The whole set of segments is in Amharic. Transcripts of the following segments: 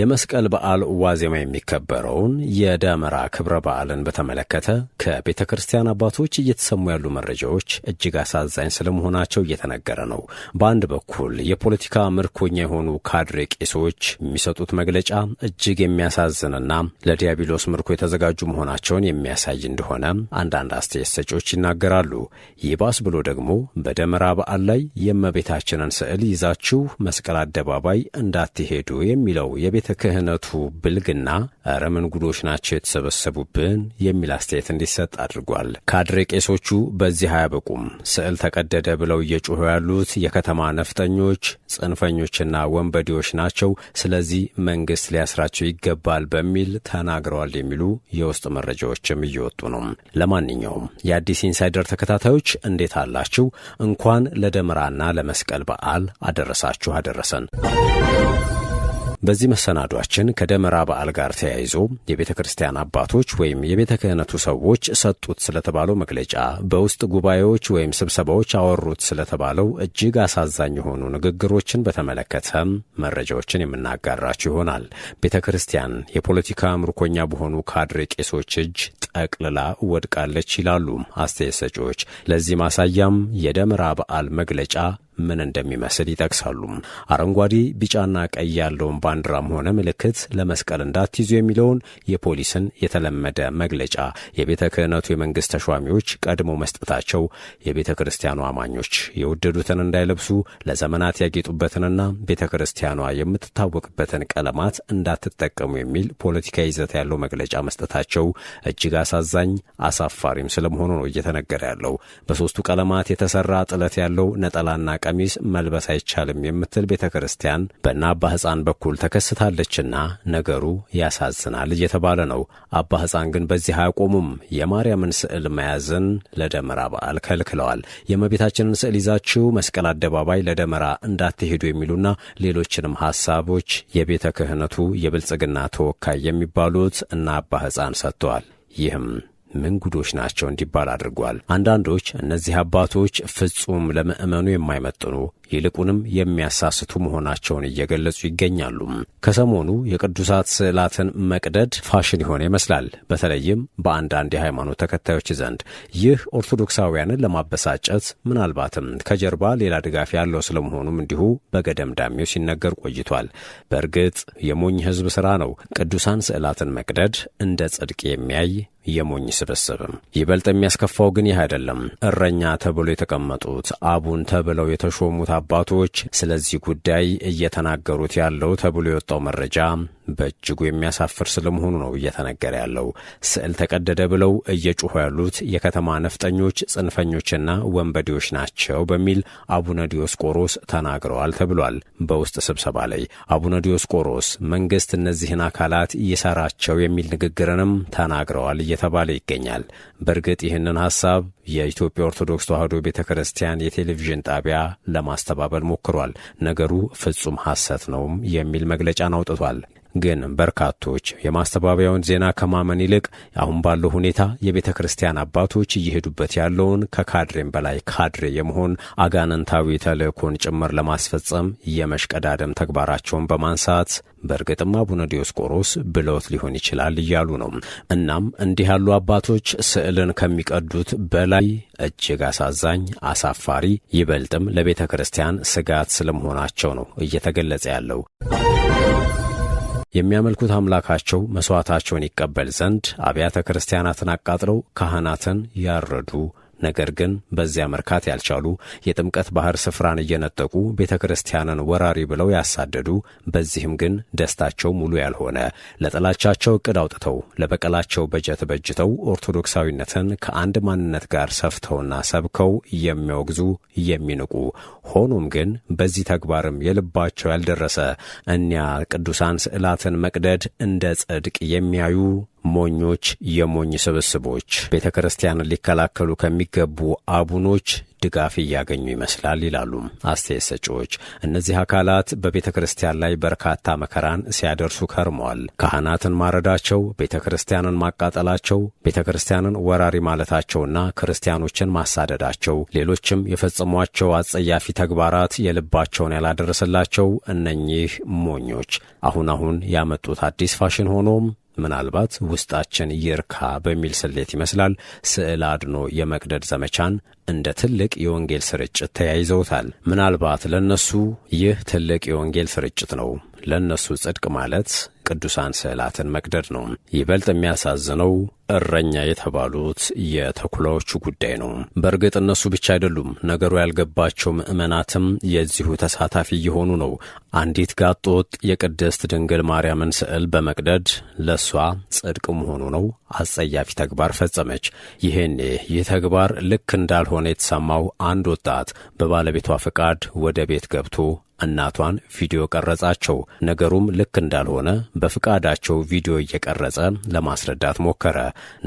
የመስቀል በዓል ዋዜማ የሚከበረውን የደመራ ክብረ በዓልን በተመለከተ ከቤተ ክርስቲያን አባቶች እየተሰሙ ያሉ መረጃዎች እጅግ አሳዛኝ ስለመሆናቸው እየተነገረ ነው። በአንድ በኩል የፖለቲካ ምርኮኛ የሆኑ ካድሬ ቄሶች የሚሰጡት መግለጫ እጅግ የሚያሳዝንና ለዲያብሎስ ምርኮ የተዘጋጁ መሆናቸውን የሚያሳይ እንደሆነ አንዳንድ አስተያየት ሰጪዎች ይናገራሉ። ይባስ ብሎ ደግሞ በደመራ በዓል ላይ የእመቤታችንን ስዕል ይዛችሁ መስቀል አደባባይ እንዳትሄዱ የሚለው የቤተ ክህነቱ ብልግና ኧረ ጉዶች ናቸው የተሰበሰቡብን የሚል አስተያየት እንዲሰጥ አድርጓል። ካድሬ ቄሶቹ በዚህ አያበቁም። ስዕል ተቀደደ ብለው እየጮሁ ያሉት የከተማ ነፍጠኞች፣ ጽንፈኞችና ወንበዴዎች ናቸው። ስለዚህ መንግስት ሊያስራቸው ይገባል በሚል ተናግረዋል የሚሉ የውስጥ መረጃዎችም እየወጡ ነው። ለማንኛውም የአዲስ ኢንሳይደር ተከታታዮች እንዴት አላችሁ? እንኳን ለደመራና ለመስቀል በዓል አደረሳችሁ አደረሰን። በዚህ መሰናዷችን ከደመራ በዓል ጋር ተያይዞ የቤተ ክርስቲያን አባቶች ወይም የቤተ ክህነቱ ሰዎች ሰጡት ስለተባለው መግለጫ፣ በውስጥ ጉባኤዎች ወይም ስብሰባዎች አወሩት ስለተባለው እጅግ አሳዛኝ የሆኑ ንግግሮችን በተመለከተ መረጃዎችን የምናጋራችሁ ይሆናል። ቤተ ክርስቲያን የፖለቲካ ምርኮኛ በሆኑ ካድሬ ቄሶች እጅ ጠቅልላ ወድቃለች ይላሉ አስተያየት ሰጪዎች። ለዚህ ማሳያም የደመራ በዓል መግለጫ ምን እንደሚመስል ይጠቅሳሉ። አረንጓዴ፣ ቢጫና ቀይ ያለውን ባንዲራም ሆነ ምልክት ለመስቀል እንዳትይዙ የሚለውን የፖሊስን የተለመደ መግለጫ የቤተ ክህነቱ የመንግስት ተሿሚዎች ቀድሞ መስጠታቸው የቤተ ክርስቲያኑ አማኞች የወደዱትን እንዳይለብሱ ለዘመናት ያጌጡበትንና ቤተ ክርስቲያኗ የምትታወቅበትን ቀለማት እንዳትጠቀሙ የሚል ፖለቲካዊ ይዘት ያለው መግለጫ መስጠታቸው እጅግ አሳዛኝ አሳፋሪም ስለመሆኑ ነው እየተነገረ ያለው። በሶስቱ ቀለማት የተሰራ ጥለት ያለው ነጠላና ቀሚስ መልበስ አይቻልም የምትል ቤተ ክርስቲያን በእነ አባ ሕፃን በኩል ተከስታለችና ነገሩ ያሳዝናል እየተባለ ነው። አባ ሕፃን ግን በዚህ አያቆሙም። የማርያምን ስዕል መያዝን ለደመራ በዓል ከልክለዋል። የመቤታችንን ስዕል ይዛችሁ መስቀል አደባባይ ለደመራ እንዳትሄዱ የሚሉና ሌሎችንም ሐሳቦች የቤተ ክህነቱ የብልጽግና ተወካይ የሚባሉት እና አባ ሕፃን ሰጥተዋል። ይህም ምንጉዶች ናቸው እንዲባል አድርጓል። አንዳንዶች እነዚህ አባቶች ፍጹም ለምእመኑ የማይመጥኑ ይልቁንም የሚያሳስቱ መሆናቸውን እየገለጹ ይገኛሉ። ከሰሞኑ የቅዱሳት ስዕላትን መቅደድ ፋሽን የሆነ ይመስላል፣ በተለይም በአንዳንድ የሃይማኖት ተከታዮች ዘንድ። ይህ ኦርቶዶክሳውያንን ለማበሳጨት ምናልባትም ከጀርባ ሌላ ድጋፍ ያለው ስለመሆኑም እንዲሁ በገደምዳሜው ሲነገር ቆይቷል። በእርግጥ የሞኝ ሕዝብ ሥራ ነው ቅዱሳን ስዕላትን መቅደድ እንደ ጽድቅ የሚያይ የሞኝ ስብስብ። ይበልጥ የሚያስከፋው ግን ይህ አይደለም። እረኛ ተብሎ የተቀመጡት አቡን ተብለው የተሾሙት አባቶች ስለዚህ ጉዳይ እየተናገሩት ያለው ተብሎ የወጣው መረጃ በእጅጉ የሚያሳፍር ስለመሆኑ ነው እየተነገረ ያለው። ስዕል ተቀደደ ብለው እየጮሁ ያሉት የከተማ ነፍጠኞች፣ ጽንፈኞችና ወንበዴዎች ናቸው በሚል አቡነ ዲዮስቆሮስ ተናግረዋል ተብሏል። በውስጥ ስብሰባ ላይ አቡነ ዲዮስቆሮስ መንግስት እነዚህን አካላት እየሰራቸው የሚል ንግግርንም ተናግረዋል እየተባለ ይገኛል። በእርግጥ ይህንን ሀሳብ የኢትዮጵያ ኦርቶዶክስ ተዋሕዶ ቤተ ክርስቲያን የቴሌቪዥን ጣቢያ ለማስተባበል ሞክሯል። ነገሩ ፍጹም ሐሰት ነውም የሚል መግለጫን አውጥቷል። ግን በርካቶች የማስተባበያውን ዜና ከማመን ይልቅ አሁን ባለው ሁኔታ የቤተ ክርስቲያን አባቶች እየሄዱበት ያለውን ከካድሬም በላይ ካድሬ የመሆን አጋንንታዊ ተልእኮን ጭምር ለማስፈጸም የመሽቀዳደም ተግባራቸውን በማንሳት በእርግጥም አቡነ ዲዮስቆሮስ ብለውት ሊሆን ይችላል እያሉ ነው። እናም እንዲህ ያሉ አባቶች ስዕልን ከሚቀዱት በላይ እጅግ አሳዛኝ፣ አሳፋሪ ይበልጥም ለቤተ ክርስቲያን ስጋት ስለመሆናቸው ነው እየተገለጸ ያለው። የሚያመልኩት አምላካቸው መሥዋዕታቸውን ይቀበል ዘንድ አብያተ ክርስቲያናትን አቃጥለው ካህናትን ያረዱ ነገር ግን በዚያ መርካት ያልቻሉ የጥምቀት ባህር ስፍራን እየነጠቁ ቤተ ክርስቲያንን ወራሪ ብለው ያሳደዱ፣ በዚህም ግን ደስታቸው ሙሉ ያልሆነ ለጥላቻቸው እቅድ አውጥተው ለበቀላቸው በጀት በጅተው ኦርቶዶክሳዊነትን ከአንድ ማንነት ጋር ሰፍተውና ሰብከው የሚወግዙ የሚንቁ፣ ሆኖም ግን በዚህ ተግባርም የልባቸው ያልደረሰ እኒያ ቅዱሳን ስዕላትን መቅደድ እንደ ጽድቅ የሚያዩ ሞኞች የሞኝ ስብስቦች ቤተ ክርስቲያንን ሊከላከሉ ከሚገቡ አቡኖች ድጋፍ እያገኙ ይመስላል ይላሉ አስተያየት ሰጪዎች። እነዚህ አካላት በቤተ ክርስቲያን ላይ በርካታ መከራን ሲያደርሱ ከርመዋል። ካህናትን ማረዳቸው፣ ቤተ ክርስቲያንን ማቃጠላቸው፣ ቤተ ክርስቲያንን ወራሪ ማለታቸውና ክርስቲያኖችን ማሳደዳቸው፣ ሌሎችም የፈጸሟቸው አጸያፊ ተግባራት የልባቸውን ያላደረሰላቸው እነኚህ ሞኞች አሁን አሁን ያመጡት አዲስ ፋሽን ሆኖም ምናልባት ውስጣችን ይርካ በሚል ስሌት ይመስላል ስዕል አድኖ የመቅደድ ዘመቻን እንደ ትልቅ የወንጌል ስርጭት ተያይዘውታል። ምናልባት ለነሱ ይህ ትልቅ የወንጌል ስርጭት ነው። ለነሱ ጽድቅ ማለት የቅዱሳን ስዕላትን መቅደድ ነው። ይበልጥ የሚያሳዝነው እረኛ የተባሉት የተኩላዎቹ ጉዳይ ነው። በእርግጥ እነሱ ብቻ አይደሉም። ነገሩ ያልገባቸው ምዕመናትም የዚሁ ተሳታፊ እየሆኑ ነው። አንዲት ጋጦጥ የቅድስት ድንግል ማርያምን ስዕል በመቅደድ ለእሷ ጽድቅ መሆኑ ነው አጸያፊ ተግባር ፈጸመች። ይሄኔ ይህ ተግባር ልክ እንዳልሆነ የተሰማው አንድ ወጣት በባለቤቷ ፈቃድ ወደ ቤት ገብቶ እናቷን ቪዲዮ ቀረጻቸው። ነገሩም ልክ እንዳልሆነ በፍቃዳቸው ቪዲዮ እየቀረጸ ለማስረዳት ሞከረ።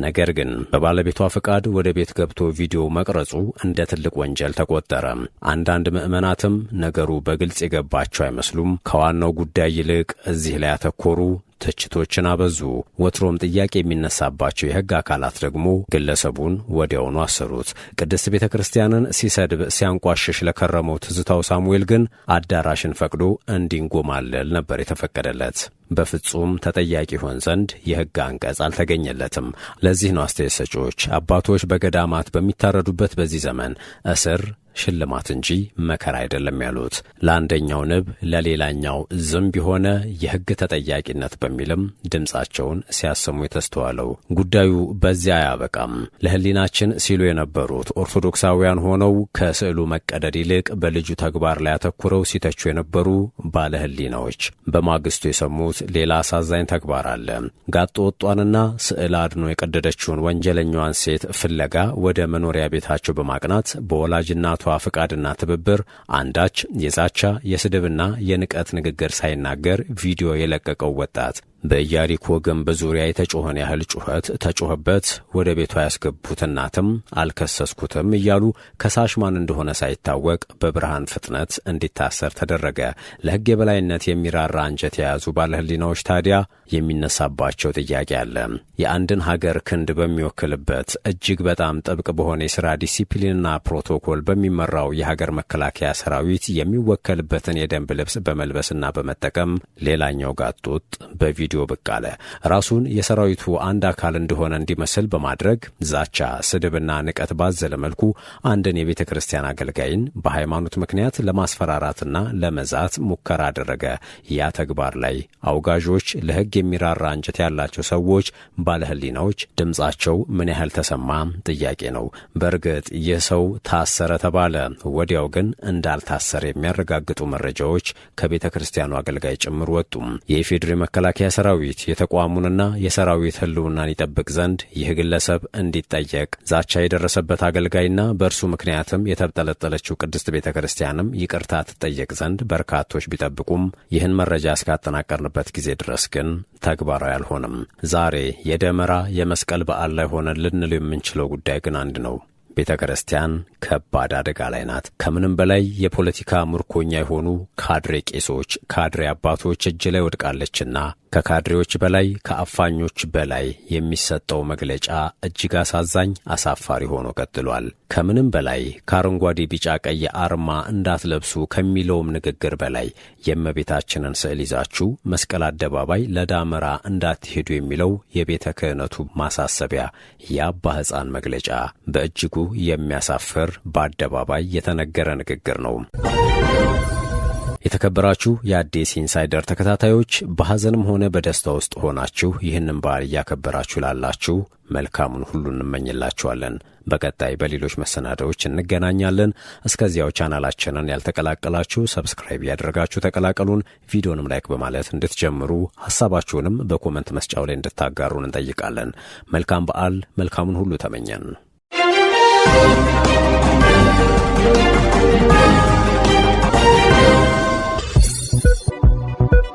ነገር ግን በባለቤቷ ፍቃድ ወደ ቤት ገብቶ ቪዲዮ መቅረጹ እንደ ትልቅ ወንጀል ተቆጠረ። አንዳንድ ምዕመናትም ነገሩ በግልጽ የገባቸው አይመስሉም። ከዋናው ጉዳይ ይልቅ እዚህ ላይ ያተኮሩ፣ ትችቶችን አበዙ። ወትሮም ጥያቄ የሚነሳባቸው የሕግ አካላት ደግሞ ግለሰቡን ወዲያውኑ አሰሩት። ቅድስት ቤተ ክርስቲያንን ሲሰድብ ሲያንቋሽሽ ለከረመው ትዝታው ሳሙኤል ግን አዳራሽን ፈቅዶ እንዲንጎማለል ነበር የተፈቀደለት። በፍጹም ተጠያቂ ሆን ዘንድ የሕግ አንቀጽ አልተገኘለትም። ለዚህ ነው አስተያየት ሰጪዎች አባቶች በገዳማት በሚታረዱበት በዚህ ዘመን እስር ሽልማት እንጂ መከራ አይደለም ያሉት ለአንደኛው ንብ ለሌላኛው ዝንብ የሆነ የሕግ ተጠያቂነት በሚልም ድምፃቸውን ሲያሰሙ የተስተዋለው ጉዳዩ በዚያ አያበቃም። ለሕሊናችን ሲሉ የነበሩት ኦርቶዶክሳውያን ሆነው ከስዕሉ መቀደድ ይልቅ በልጁ ተግባር ላይ አተኩረው ሲተቹ የነበሩ ባለ ሕሊናዎች በማግስቱ የሰሙት ሌላ አሳዛኝ ተግባር አለ። ጋጦ ወጧንና ስዕል አድኖ የቀደደችውን ወንጀለኛዋን ሴት ፍለጋ ወደ መኖሪያ ቤታቸው በማቅናት በወላጅና በአባቷ ፍቃድና ትብብር አንዳች የዛቻ የስድብና የንቀት ንግግር ሳይናገር ቪዲዮ የለቀቀው ወጣት በኢያሪኮ ግንብ ዙሪያ የተጮኸን ያህል ጩኸት ተጮኸበት። ወደ ቤቷ ያስገቡት እናትም አልከሰስኩትም እያሉ ከሳሽ ማን እንደሆነ ሳይታወቅ በብርሃን ፍጥነት እንዲታሰር ተደረገ። ለሕግ የበላይነት የሚራራ አንጀት የያዙ ባለሕሊናዎች ታዲያ የሚነሳባቸው ጥያቄ አለ። የአንድን ሀገር ክንድ በሚወክልበት እጅግ በጣም ጥብቅ በሆነ የሥራ ዲሲፕሊንና ፕሮቶኮል በሚመራው የሀገር መከላከያ ሰራዊት የሚወከልበትን የደንብ ልብስ በመልበስና በመጠቀም ሌላኛው ጋጡጥ በቪዲ ቪዲዮ ብቅ አለ። ራሱን የሰራዊቱ አንድ አካል እንደሆነ እንዲመስል በማድረግ ዛቻ፣ ስድብና ንቀት ባዘለ መልኩ አንድን የቤተ ክርስቲያን አገልጋይን በሃይማኖት ምክንያት ለማስፈራራትና ለመዛት ሙከራ አደረገ። ያ ተግባር ላይ አውጋዦች፣ ለህግ የሚራራ አንጀት ያላቸው ሰዎች፣ ባለህሊናዎች ድምፃቸው ምን ያህል ተሰማ ጥያቄ ነው። በእርግጥ ይህ ሰው ታሰረ ተባለ። ወዲያው ግን እንዳልታሰረ የሚያረጋግጡ መረጃዎች ከቤተ ክርስቲያኑ አገልጋይ ጭምር ወጡም። የኢፌዴሪ መከላከያ ሰራዊት የተቋሙንና የሰራዊት ህልውናን ይጠብቅ ዘንድ ይህ ግለሰብ እንዲጠየቅ ዛቻ የደረሰበት አገልጋይና በእርሱ ምክንያትም የተብጠለጠለችው ቅድስት ቤተ ክርስቲያንም ይቅርታ ትጠየቅ ዘንድ በርካቶች ቢጠብቁም ይህን መረጃ እስካጠናቀርንበት ጊዜ ድረስ ግን ተግባራዊ አልሆነም። ዛሬ የደመራ የመስቀል በዓል ላይ ሆነ ልንል የምንችለው ጉዳይ ግን አንድ ነው። ቤተ ክርስቲያን ከባድ አደጋ ላይ ናት። ከምንም በላይ የፖለቲካ ምርኮኛ የሆኑ ካድሬ ቄሶች፣ ካድሬ አባቶች እጅ ላይ ወድቃለችና ከካድሬዎች በላይ ከአፋኞች በላይ የሚሰጠው መግለጫ እጅግ አሳዛኝ፣ አሳፋሪ ሆኖ ቀጥሏል። ከምንም በላይ ከአረንጓዴ፣ ቢጫ፣ ቀይ አርማ እንዳትለብሱ ከሚለውም ንግግር በላይ የእመቤታችንን ስዕል ይዛችሁ መስቀል አደባባይ ለዳመራ እንዳትሄዱ የሚለው የቤተ ክህነቱ ማሳሰቢያ፣ የአባ ሕፃን መግለጫ በእጅጉ የሚያሳፍር በአደባባይ የተነገረ ንግግር ነው። የተከበራችሁ የአዲስ ኢንሳይደር ተከታታዮች በሐዘንም ሆነ በደስታ ውስጥ ሆናችሁ ይህንን በዓል እያከበራችሁ ላላችሁ መልካሙን ሁሉ እንመኝላችኋለን። በቀጣይ በሌሎች መሰናዳዎች እንገናኛለን። እስከዚያው ቻናላችንን ያልተቀላቀላችሁ ሰብስክራይብ ያደረጋችሁ ተቀላቀሉን። ቪዲዮንም ላይክ በማለት እንድትጀምሩ ሐሳባችሁንም በኮመንት መስጫው ላይ እንድታጋሩን እንጠይቃለን። መልካም በዓል፣ መልካሙን ሁሉ ተመኘን።